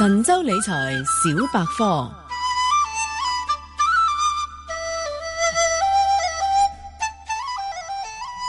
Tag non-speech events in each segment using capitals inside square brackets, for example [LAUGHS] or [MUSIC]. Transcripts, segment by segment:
神州理財小百科。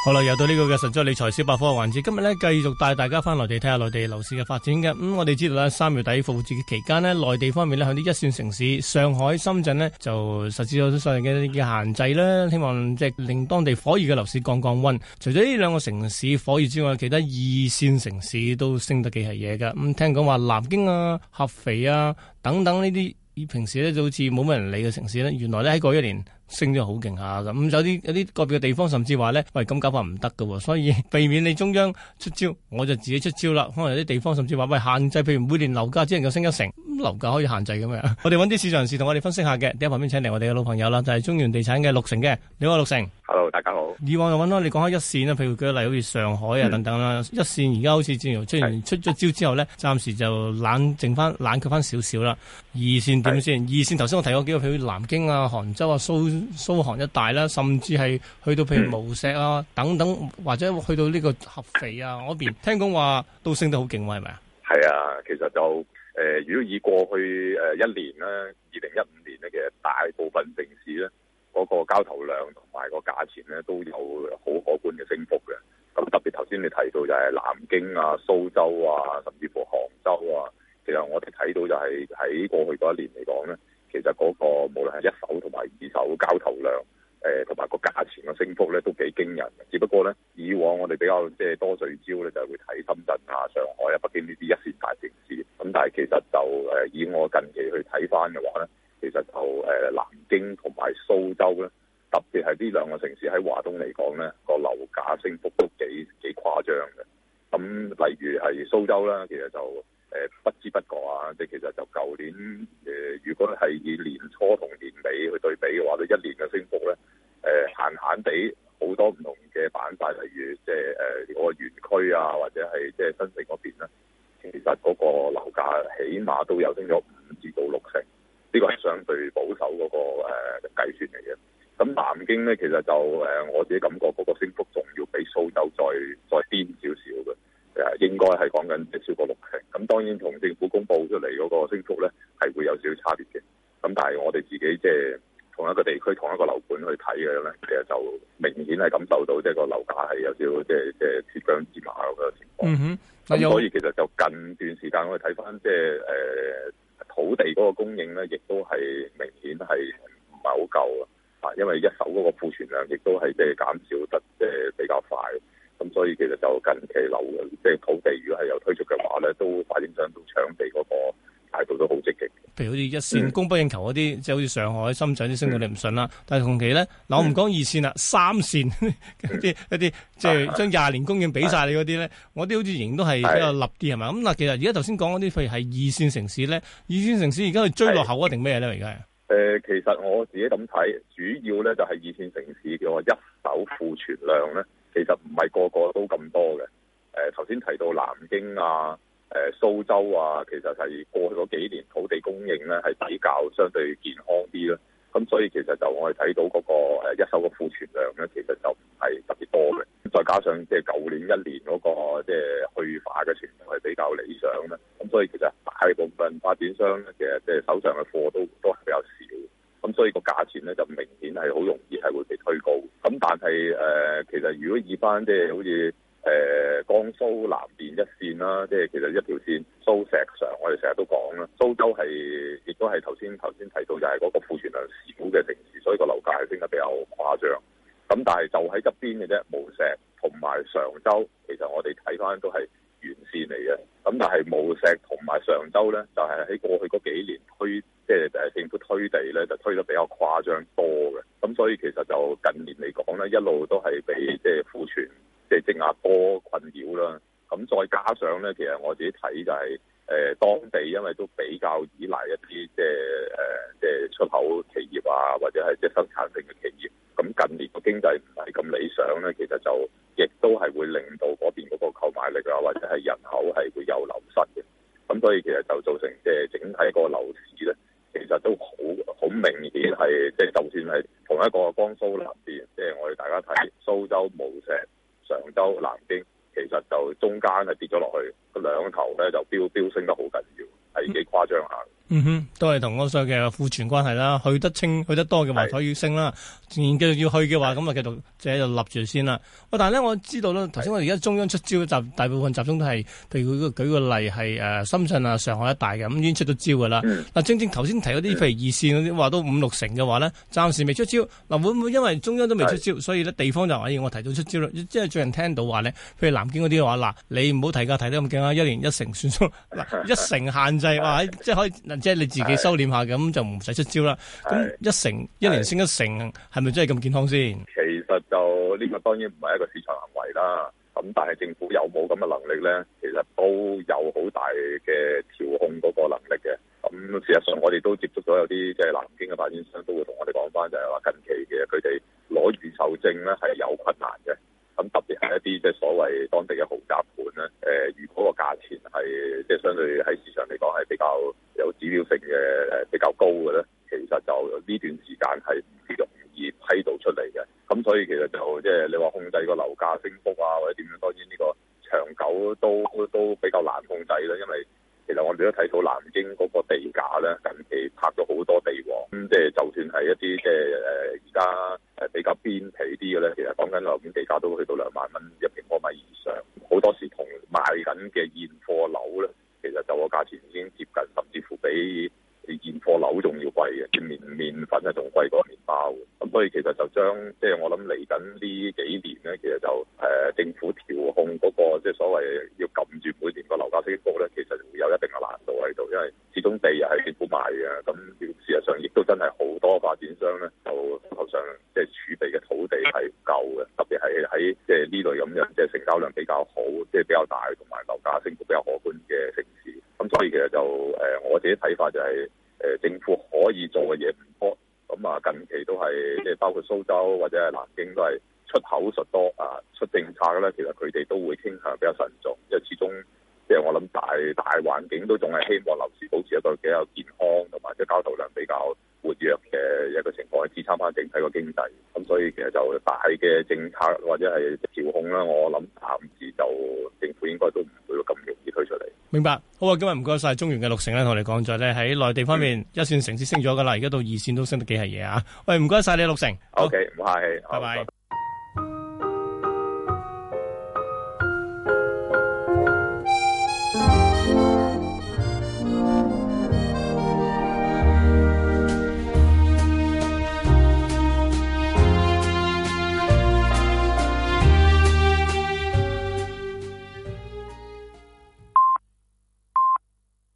好啦，又到呢、這個嘅神州理財小百科嘅環節，今日呢，繼續帶大家翻內地睇下內地樓市嘅發展嘅。咁、嗯、我哋知道咧，三月底復活節期間呢，內地方面呢，喺啲一線城市，上海、深圳呢，就實施咗相應嘅限制啦，希望即係令當地火熱嘅樓市降降溫。除咗呢兩個城市火熱之外，其他二線城市都升得幾係嘢噶。咁、嗯、聽講話南京啊、合肥啊等等呢啲以平時呢就好似冇乜人理嘅城市咧，原來呢，喺嗰一年。升咗好勁下咁，有啲有啲個別嘅地方甚至話呢，喂咁搞法唔得嘅，所以避免你中央出招，我就自己出招啦。可能有啲地方甚至話，喂限制，譬如每年樓價只能夠升一成，樓價可以限制咁樣。 [LAUGHS] 我哋揾啲市場人士同我哋分析一下嘅，喺旁邊請嚟我哋嘅老朋友啦，就係、是、中原地產嘅六成陸成嘅，你好陸成。Hello，大家好。以往又揾到你講開一,一線啦，譬如舉例好似上海啊等等啦，嗯、一線而家好似自從出是出咗招之後呢，暫時就冷靜翻、冷卻翻少少啦。二線點先？是二線頭先我提過幾個，譬如，如南京啊、杭州啊、蘇。蘇杭一帶啦，甚至係去到譬如無錫啊、嗯、等等，或者去到呢個合肥啊嗰邊，聽講話都升得好勁，係咪啊？係啊，其實就誒、呃，如果以過去誒一年咧，二零一五年咧，其實大部分城市咧，嗰、那個交投量同埋個價錢咧，都有好可觀嘅升幅嘅。咁特別頭先你提到就係南京啊、蘇州啊，甚至乎杭州啊，其實我哋睇到就係喺過去嗰一年嚟講咧。其實嗰、那個無論係一手同埋二手交投量，誒同埋個價錢嘅升幅咧都幾驚人。只不過咧，以往我哋比較即係多聚焦咧，就係會睇深圳啊、上海啊、北京呢啲一線大城市。咁、嗯、但係其實就誒、呃，以我近期去睇翻嘅話咧，其實就誒、呃、南京同埋蘇州咧，特別係呢兩個城市喺華東嚟講咧，個樓價升幅都幾幾誇張嘅。咁、嗯、例如係蘇州啦，其實就。誒，不知不覺啊，即係其實就舊年，誒、呃，如果係以年初同年尾去對比嘅話，咧一年嘅升幅咧，誒、呃，閒閒地好多唔同嘅板塊，例如即係誒我個園區啊，或者係即係新城嗰邊咧，其實嗰個樓價起碼都有升咗五至到六成，呢個係相對保守嗰、那個誒、呃、計算嚟嘅。咁南京咧，其實就誒我自己感覺嗰個升幅仲要比蘇州再再癲少少嘅。應該係講緊超過六成，咁當然同政府公布出嚟嗰個升幅咧，係會有少少差別嘅。咁但係我哋自己即係同一個地區、同一個樓盤去睇嘅咧，其實就明顯係感受到即係個樓價係有少少即係即係脫韁之馬咁嘅情況。咁、嗯、哼所以其實就近段時間我哋睇翻即係誒土地嗰個供應咧，亦都係明顯係唔係好夠啊！啊，因為一手嗰個庫存量亦都係即係減少得即係比較快。咁、嗯、所以其實就近期流嘅，即係土地如果係有推出嘅話咧，都發展商都搶地嗰個態度都好積極。譬如好似一線供不應求嗰啲，即係好似上海、深圳啲升到你唔信啦。但係同期咧，嗱我唔講二線啦，三線一啲一啲，即係將廿年供應俾晒你嗰啲咧，我啲好似仍然都係比較立啲係嘛？咁嗱，其實而家頭先講嗰啲譬如係二線城市咧，二線城市而家去追落後啊定咩咧？而家誒，其實我自己咁睇，主要咧就係二線城市嘅話一手庫存量咧。其實唔係個個都咁多嘅，誒頭先提到南京啊、誒蘇州啊，其實係過去嗰幾年土地供應咧係比較相對健康啲啦，咁所以其實就我哋睇到嗰個誒一手嘅庫存量咧，其實就唔係特別多嘅，再加上即係舊年一年嗰個即係去化嘅情況係比較理想啦。咁所以其實大部分發展商咧，其實即係手上嘅貨都都係比較少。咁所以個價錢咧就明顯係好容易係會被推高。咁但係誒、呃，其實如果以翻即係好似誒、呃、江蘇南邊一線啦，即、就、係、是、其實一條線蘇錫常，我哋成日都講啦，蘇州係亦都係頭先頭先提到就係嗰個庫存量少嘅城市，所以個樓價係升得比較誇張。咁但係就喺入邊嘅啫，無錫同埋常州，其實我哋睇翻都係沿線嚟嘅。咁但係無錫同埋常州咧，就係、是、喺過去嗰幾年推。即係誒政府推地咧，就推得比較誇張多嘅，咁所以其實就近年嚟講咧，一路都係被即係庫存即係積壓多困擾啦。咁再加上咧，其實我自己睇就係、是、誒、呃、當地因為都比較依賴一啲即係誒即係出口企業啊，或者係即生產型嘅企業。咁近年個經濟唔係咁理想咧，其實就亦都係會令到嗰邊嗰個購買力啊，或者係人口係會有流失嘅。咁所以其實就造成即係整體個樓市咧。其實都好好明顯，係即係，就算係同一個江蘇南邊，即係我哋大家睇蘇州、無錫、常州、南京，其實就中間係跌咗落去，個兩頭咧就飆飆升得好緊要，係幾誇張下。嗯、都係同嗰所謂嘅庫存關係啦，去得清去得多嘅話可以升啦。是的 然繼續要去嘅話，咁啊繼續就喺度立住先啦。但係咧，我知道咧，頭先我哋而家中央出招集，大部分集中都係，譬如舉個例係、啊、深圳啊、上海一帶嘅，已經出咗招嘅啦。嗱，嗯、正正頭先提嗰啲，譬如二線嗰啲話都五六成嘅話呢，暫時未出招。嗱，會唔會因為中央都未出招，是的 所以咧地方就誒、哎、我提到出招啦？即係最近聽到話呢，譬如南京嗰啲話嗱，你唔好提價提得咁勁啊。一年一成算數，嗱一成限制即係可以即係你自己收斂下，咁是的 就唔使出招啦。咁是的 一成一年升一成，係咪是的 真係咁健康先？其實就呢個當然唔係一個市場行為啦。咁但係政府有冇咁嘅能力咧？其實都有好大嘅調控嗰個能力嘅。咁事實上我哋都接觸咗有啲即係南京嘅發展商都會同我哋講翻，就係、是、話近期嘅佢哋攞預售證咧係有困難嘅。咁特別係一啲即係所謂當地嘅豪宅。相對喺市場嚟講係比較有指標性嘅誒，比較高嘅咧，其實就呢段時間係唔容易批到出嚟嘅。咁所以其實就即係、就是、你話控制個樓價升幅啊，或者點樣，當然呢個長久都都比較難控制啦。因為其實我哋都睇到南京嗰個地價咧，近期拍咗好多地王，咁即係就算係一啲即係誒而家誒比較偏僻啲嘅咧，其實講緊樓面地價都會去到兩萬蚊一平方米以上，好多時同賣緊嘅現貨樓咧。其實就個價錢已經接近，甚至乎比現貨樓仲要貴嘅，啲麵麵粉咧仲貴過麵包。咁所以其實就將，即、就、係、是、我諗嚟緊呢幾年咧，其實就誒、呃、政府調控嗰、那個即係、就是、所謂要撳住每年個樓價升幅咧，其實會有一定嘅難度喺度，因為始終地又係政府賣嘅，咁事實上亦都真係好多發展商咧，就頭上即係儲備嘅土地係夠嘅，特別係喺即係呢類咁樣，即、就、係、是、成交量比較。其實就誒、呃，我自己睇法就係、是、誒、呃，政府可以做嘅嘢唔多，咁啊近期都係即係包括蘇州或者係南京都係出口實多啊，出政策嘅咧，其實佢哋都會傾向比較慎重，因為始終即係我諗大大環境都仲係希望樓市保持一個比較健康，同埋即交投量比較活躍嘅一個情況，去支撐翻整體個經濟。咁所以其實就大嘅政策或者係調控啦，我諗暫時就政府應該都唔會咁容易推出嚟。明白，好啊！今日唔該晒中原嘅陸成咧，同我哋講咗咧喺內地方面，嗯、一線城市升咗噶啦，而家到二線都升得幾係嘢啊！喂，唔該晒你，陸成。O K，唔該，哇拜拜。